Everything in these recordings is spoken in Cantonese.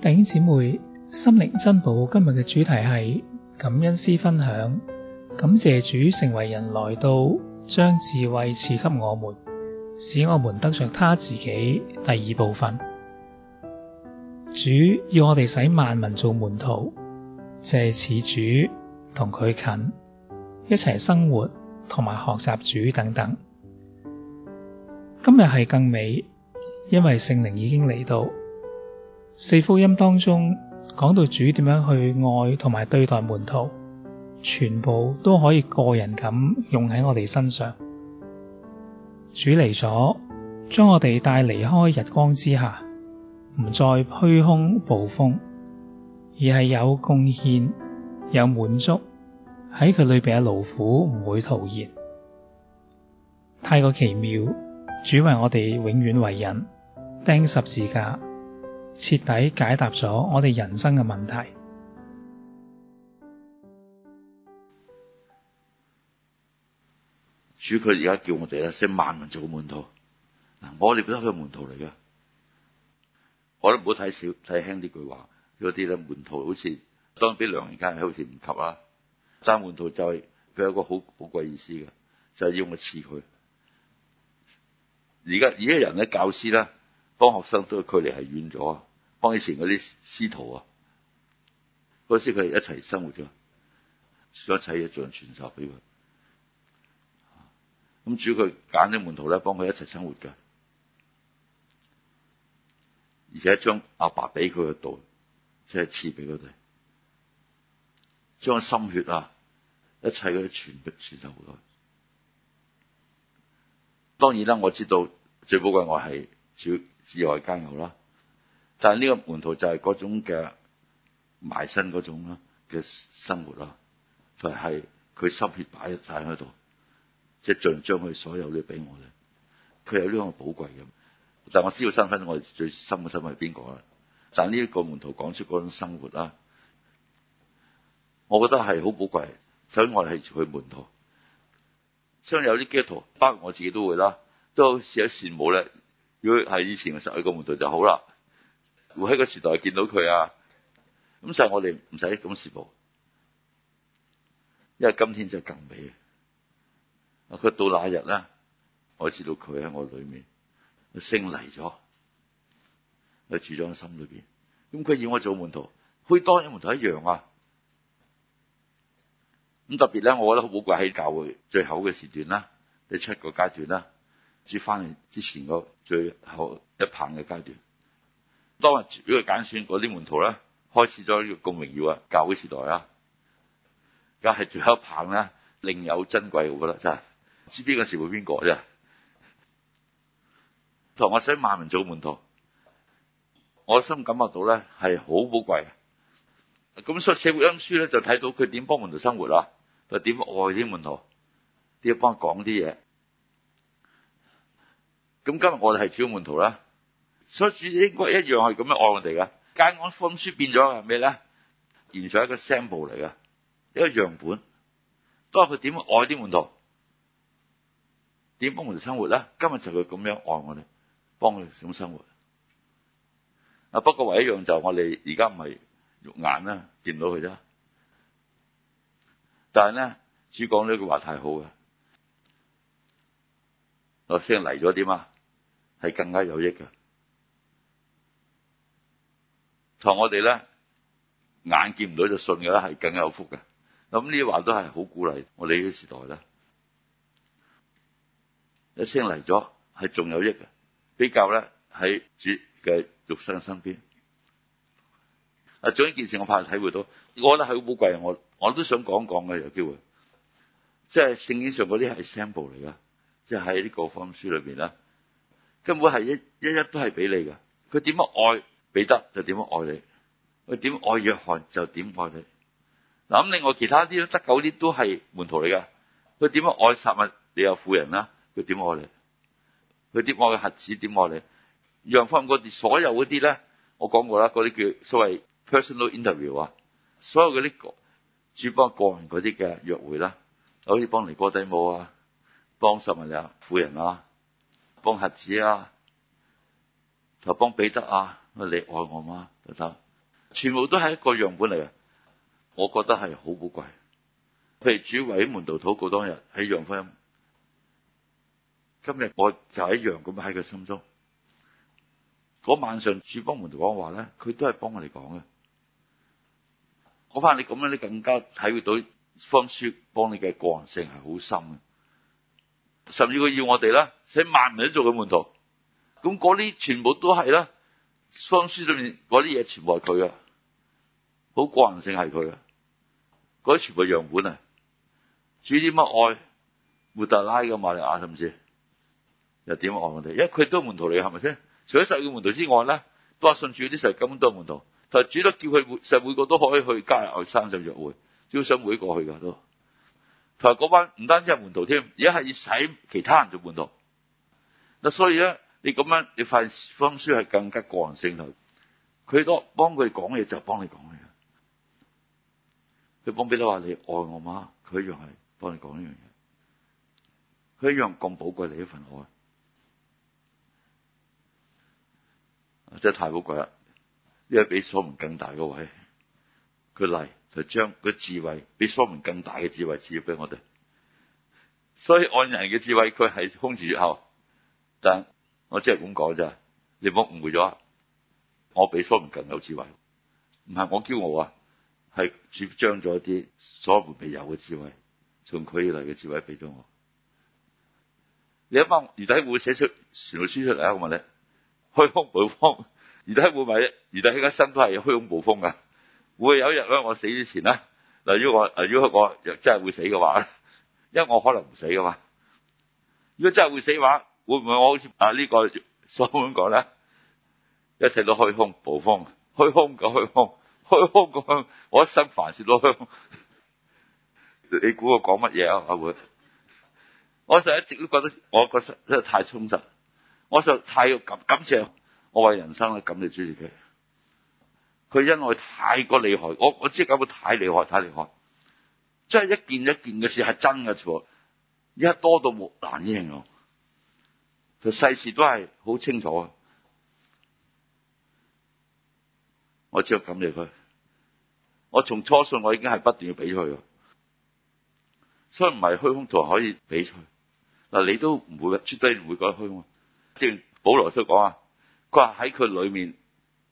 弟兄姊妹，心靈珍寶今日嘅主題係感恩詩分享，感謝主成為人來到，將智慧賜給我們，使我們得着他自己。第二部分，主要我哋使萬民做門徒，借似主同佢近，一齊生活同埋學習主等等。今日係更美，因為聖靈已經嚟到。四福音當中講到主點樣去愛同埋對待門徒，全部都可以個人咁用喺我哋身上。主嚟咗，將我哋帶離開日光之下，唔再虛空暴風，而係有貢獻、有滿足，喺佢裏邊嘅勞苦唔會徒然。太過奇妙，主為我哋永遠為人釘十字架。徹底解答咗我哋人生嘅問題。主佢而家叫我哋咧，使萬民做個門徒。嗱，我哋覺得佢係門徒嚟嘅，我都唔好睇小睇輕啲句話。嗰啲咧門徒好似當俾良人間，係好似唔及啦。爭門徒就係、是、佢有個好好貴意思嘅，就係要我似佢。而家而家人咧，教師咧，當學生都距離係遠咗啊。幫以前嗰啲師徒啊，嗰時佢哋一齊生活咗，將一切嘢做咗傳授俾佢。咁主佢揀啲門徒咧，幫佢一齊生活噶，而且將阿爸俾佢嘅道，即係賜俾佢哋，將心血啊，一切嗰啲傳傳授俾佢。當然啦，我知道最寶貴我係主之外加牛啦。但係呢個門徒就係嗰種嘅埋身嗰種嘅生活啦，佢埋係佢心血擺入曬喺度，即係盡將佢所有嘅俾我哋。佢有呢個寶貴嘅，但係我需要身份，我最深嘅身份係邊個啦？但係呢一個門徒講出嗰種生活啦，我覺得係好寶貴。所以我係佢門徒，雖然有啲基督徒，包括我自己都會啦，都試下羨慕咧。如果係以前嘅十二個門徒就好啦。會喺個時代見到佢啊，咁所以我哋唔使咁遲步，因為今天就更美啊！佢到那一日咧，我知道佢喺我裏面，佢升嚟咗，佢住咗喺心裏邊。咁佢要我做門徒，開多嘅門徒一樣啊！咁特別咧，我覺得好寶貴喺教會最後嘅時段啦，第七個階段啦，至係翻嚟之前個最後一棒嘅階段。當日主要揀選嗰啲門徒咧，開始咗呢個共榮耀啊！教會時代啊，梗係最後一棒咧，另有珍貴噶啦，真係知邊個時會邊個啫。同我想萬民做門徒，我心感覺到咧係好寶貴。咁所以寫福音書咧，就睇到佢點幫門徒生活啊，就點愛啲門徒，點幫佢講啲嘢。咁今日我哋係主要門徒啦。所以應該一樣係咁樣愛我哋噶，間我封書變咗啊？咩咧？完全一個 sample 嚟噶，一個樣本。當佢點樣愛啲門徒，點幫門徒生活咧？今日就佢咁樣愛我哋，幫佢點生活？啊！不過唯一樣就係我哋而家唔係肉眼啦，見到佢啫。但係咧，主講呢句話太好嘅。我聲嚟咗點啊？係更加有益嘅。同我哋咧眼見唔到就信嘅咧，係更有福嘅。咁呢啲話都係好鼓勵我哋呢個時代咧。一升嚟咗，係仲有益嘅。比較咧喺主嘅肉身身邊。啊，仲有一件事，我怕係體會到，我覺得係好寶貴。我我都想講一講嘅有機會。即係聖經上嗰啲係 example 嚟嘅，就喺各方書裏邊啦。根本係一一一都係俾你嘅。佢點樣愛？彼得就點樣愛你？佢點愛約翰就點愛你。咁，另外其他啲得救啲都係門徒嚟噶。佢點樣愛撒瑪利亞？你有婦人啦，佢點愛你？佢點愛核子？點愛你？讓翻嗰啲所有嗰啲咧，我講過啦，嗰啲叫所謂 personal interview 啊，所有嗰啲主幫個人嗰啲嘅約會啦，好似幫尼哥底母啊，幫撒瑪利亞啊，婦人啊，幫核子啊，又幫彼得啊。你愛我嗎？就得，全部都係一個樣本嚟嘅，我覺得係好寶貴。譬如主為門徒禱告當日，喺楊福音，今日我就係一樣咁喺佢心中。嗰晚上主幫門徒講話咧，佢都係幫我哋講嘅。我怕你咁樣，你更加體會到方書幫你嘅個人性係好深嘅。甚至佢要我哋啦，使萬民都做嘅門徒，咁嗰啲全部都係啦。《尚書》裏面嗰啲嘢全部係佢啊，好個人性係佢啊，嗰啲全部樣本啊，主啲乜愛活特拉嘅瑪利亞係咪先？又點愛我哋？因為佢都門徒嚟，係咪先？除咗十二個門徒之外咧，多信主嗰啲就咁多門徒。佢主都叫佢每，其實每個都可以去加入去三信約會，至少每一個去噶都。佢話嗰班唔單止係門徒添，而家係使其他人做門徒。嗱，所以咧。你咁樣，你發方書係更加個人性啦。佢多幫佢講嘢，就幫你講嘢。佢幫彼得話：你愛我嗎？佢一樣係幫你講呢樣嘢。佢一樣咁寶貴你一份愛，真係太寶貴啦！呢個比所門更大嘅位，佢嚟就將個智慧比所門更大嘅智慧賜俾我哋。所以按人嘅智慧，佢係空前絕後，但。我只係咁講咋，你唔好誤會咗。我比方唔更有智慧，唔係我驕傲啊，係主賜咗啲所唔未有嘅智慧，從佢以嚟嘅智慧俾咗我。你一翻余弟會寫出傳道書出嚟啊？我問你，虛空捕風，余弟會唔會？余弟喺家身都係虛空捕風噶，會有一日咧，我死之前咧，如果，如果我，如果我真係會死嘅話，因為我可能唔死噶嘛。如果真係會死嘅話，會唔會我好似啊，這個？呢個所以咁講咧，一切都虛空暴風，虛空嘅虛空，虛空個，我一生凡事都虛空。 你估我講乜嘢啊？阿妹，我就一直都覺得我個身真係太充實，我就太感謝感謝我為人生啦，感謝主小姐。佢因為太過厲害，我我知咁太厲害，太厲害，真、就、係、是、一件一件嘅事係真嘅，而家多到冇難應喎。佢世事都係好清楚，我只要感謝佢。我從初信我已經係不斷要俾佢，所以唔係虛空徒可以俾佢嗱。你都唔會，絕對唔會覺得虛空。即係保羅都講啊，佢話喺佢裏面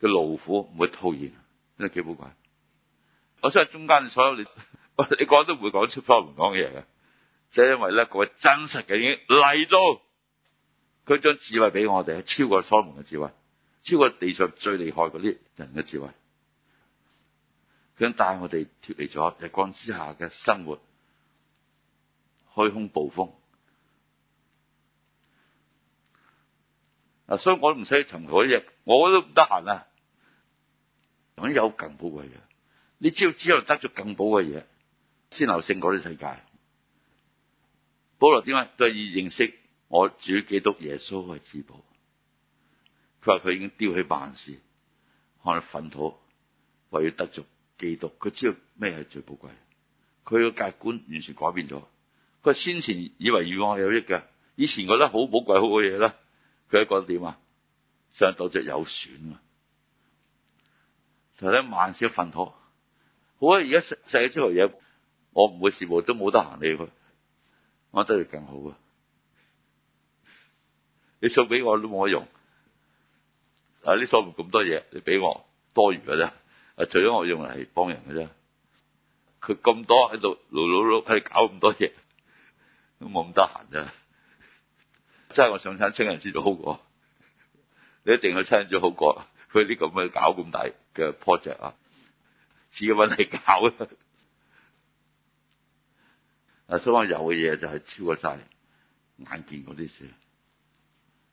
嘅老虎唔會討厭，真係幾古怪。我想中間所有你，你講都唔會講出荒言講嘢嘅，即係因為咧佢係真實嘅，已經嚟到。佢將智慧俾我哋，超過所門嘅智慧，超過地上最厲害嗰啲人嘅智慧。佢帶我哋脱離咗日光之下嘅生活，開空暴風。嗱，所以我都唔使去尋求嗰啲嘢，我都唔得閒啊。同啲有更寶貴嘢，你只要之後得咗更寶貴嘢，先能勝過呢世界。保羅點解佢認識？我主基督耶穌為至寶。佢話佢已經丟棄萬事，看喺糞土，為要得着基督。佢知道咩係最寶貴。佢嘅價值觀完全改變咗。佢話先前以為欲望係有益嘅，以前覺得寶貴好寶貴好嘅嘢咧。佢而家覺得點啊？上到著有損啊！睇下啲萬兆糞土。好啊！而家世世界之嚟嘢，我唔會全部都冇得行嚟去，我覺得嘅更好啊！你送俾我都冇用，啊！啲所咁多嘢，你俾我多餘嘅啫。啊，除咗我用嚟係幫人嘅啫，佢咁多喺度，碌碌碌喺度搞咁多嘢，都冇咁得閒啫。真係我想山親人知道好過， 你一定要親人先好過。佢啲咁嘅搞咁大嘅 project 啊，自己揾嚟搞啊。 啊，所以有嘅嘢就係超過晒眼見嗰啲事。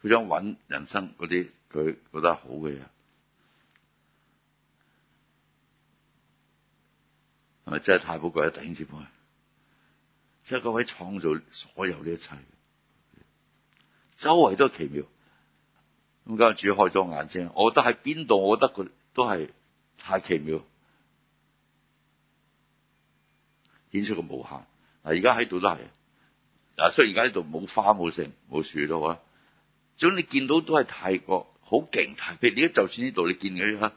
佢想揾人生嗰啲佢覺得好嘅嘢，係咪真係太寶貴？弟兄姊妹，即係嗰位創造所有呢一切，周圍都奇妙。咁今日主開咗眼睛，我覺得喺邊度，我覺得佢都係太奇妙，顯出個無限。嗱，而家喺度都係嗱，雖然而家呢度冇花冇盛冇樹咯，嚇。總你見到都係泰國好勁，特別呢家就算呢度你見佢，啲啦，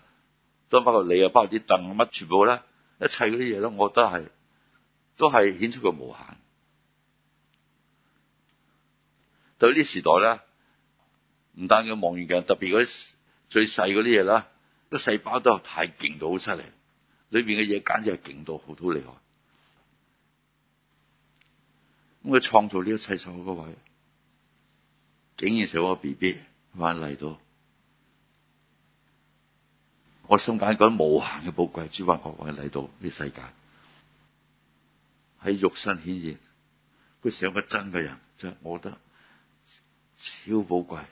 都包括你啊，包括啲凳乜全部咧，一切嗰啲嘢咧，我覺得係都係顯出個無限。對呢時代咧，唔單止望遠鏡，特別嗰啲最細嗰啲嘢啦，啲細胞都係太勁到好犀利。裏邊嘅嘢簡直係勁到好都厲害。咁佢創造呢一切所有嘅位。竟然成個 B B 返嚟到，我心感覺無限嘅寶貴。主話各位嚟到呢世界，喺肉身顯現，佢成個真嘅人，真，我覺得超寶貴。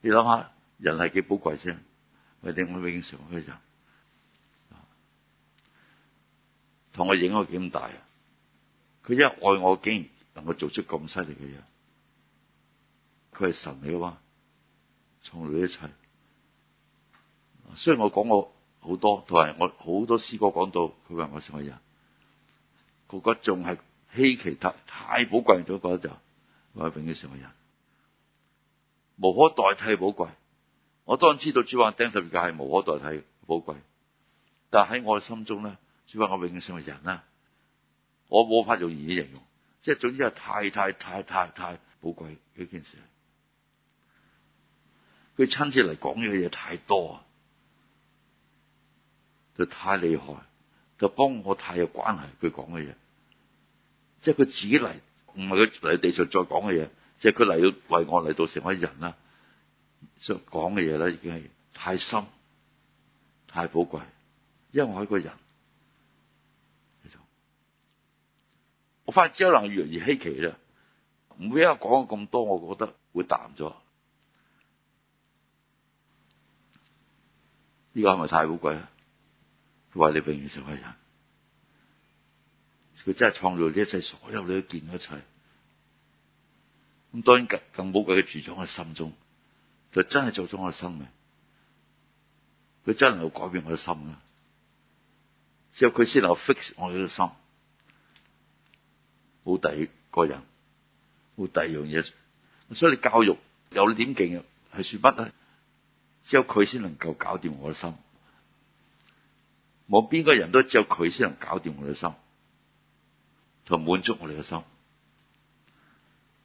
你諗下，人係幾寶貴啫？我哋永遠成個人，同我影我幾咁大啊！佢一愛我，竟然～能夠做出咁犀利嘅嘢，佢係神嚟嘅嘛，創造一切。雖然我講我好多，同埋我好多詩歌講到，佢話我成為人，我覺得仲係稀奇特，太寶貴咗覺得就，我永遠成為人，無可代替寶貴。我當然知道主話釘十字架係無可代替寶貴，但喺我心中咧，主話我永遠成為人啦，我冇法用言語形容。即係總之係太太太太太寶貴嗰件事，佢親自嚟講嘅嘢太多啊！就太厲害，就幫我太有關係。佢講嘅嘢，即係佢自己嚟，唔係佢嚟地上再講嘅嘢。即係佢嚟到為我嚟到成為人啦，所講嘅嘢咧已經係太深、太寶貴，因為我係個人。我發現只能越嚟越稀奇啦，唔會因為講咁多，我覺得會淡咗。呢個係咪太寶貴啊？佢話你永遠成為人，佢真係創造咗一切，所有你都見嗰一切。咁當然更更寶貴嘅住咗喺心中，就真係做咗我生命。佢真係能改變我嘅心啊！只有佢先能 fix 我嘅心。冇第二個人，冇第二樣嘢，所以你教育有點勁啊？係説乜咧？只有佢先能夠搞掂我嘅心，冇邊個人，都只有佢先能搞掂我嘅心，同滿足我哋嘅心。